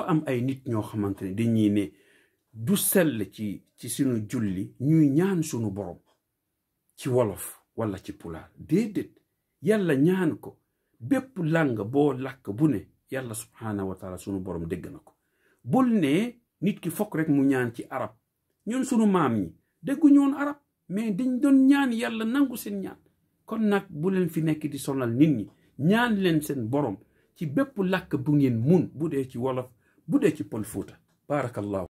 dafa am ay nit ñoo xamante ne dañuy ne du sell ci ci sunu julli ñuy ñaan sunu borom ci wolof wala ci pulaar déedéet yàlla ñaan ko bépp làng boo làkk bu ne yàlla subhaanahu wa taala sunu borom dégg na ko bul ne nit ki fokk rek mu ñaan ci arab ñun sunu maam ñi déggu ñoon arab mais dañ doon ñaan yàlla nangu seen ñaan kon nag bu fi nekk di sonal nit ñi ñaan leen seen borom ci bépp làkk bu ngeen mun bu dee ci wolof bu dee ci Pël Fuuta barakallahu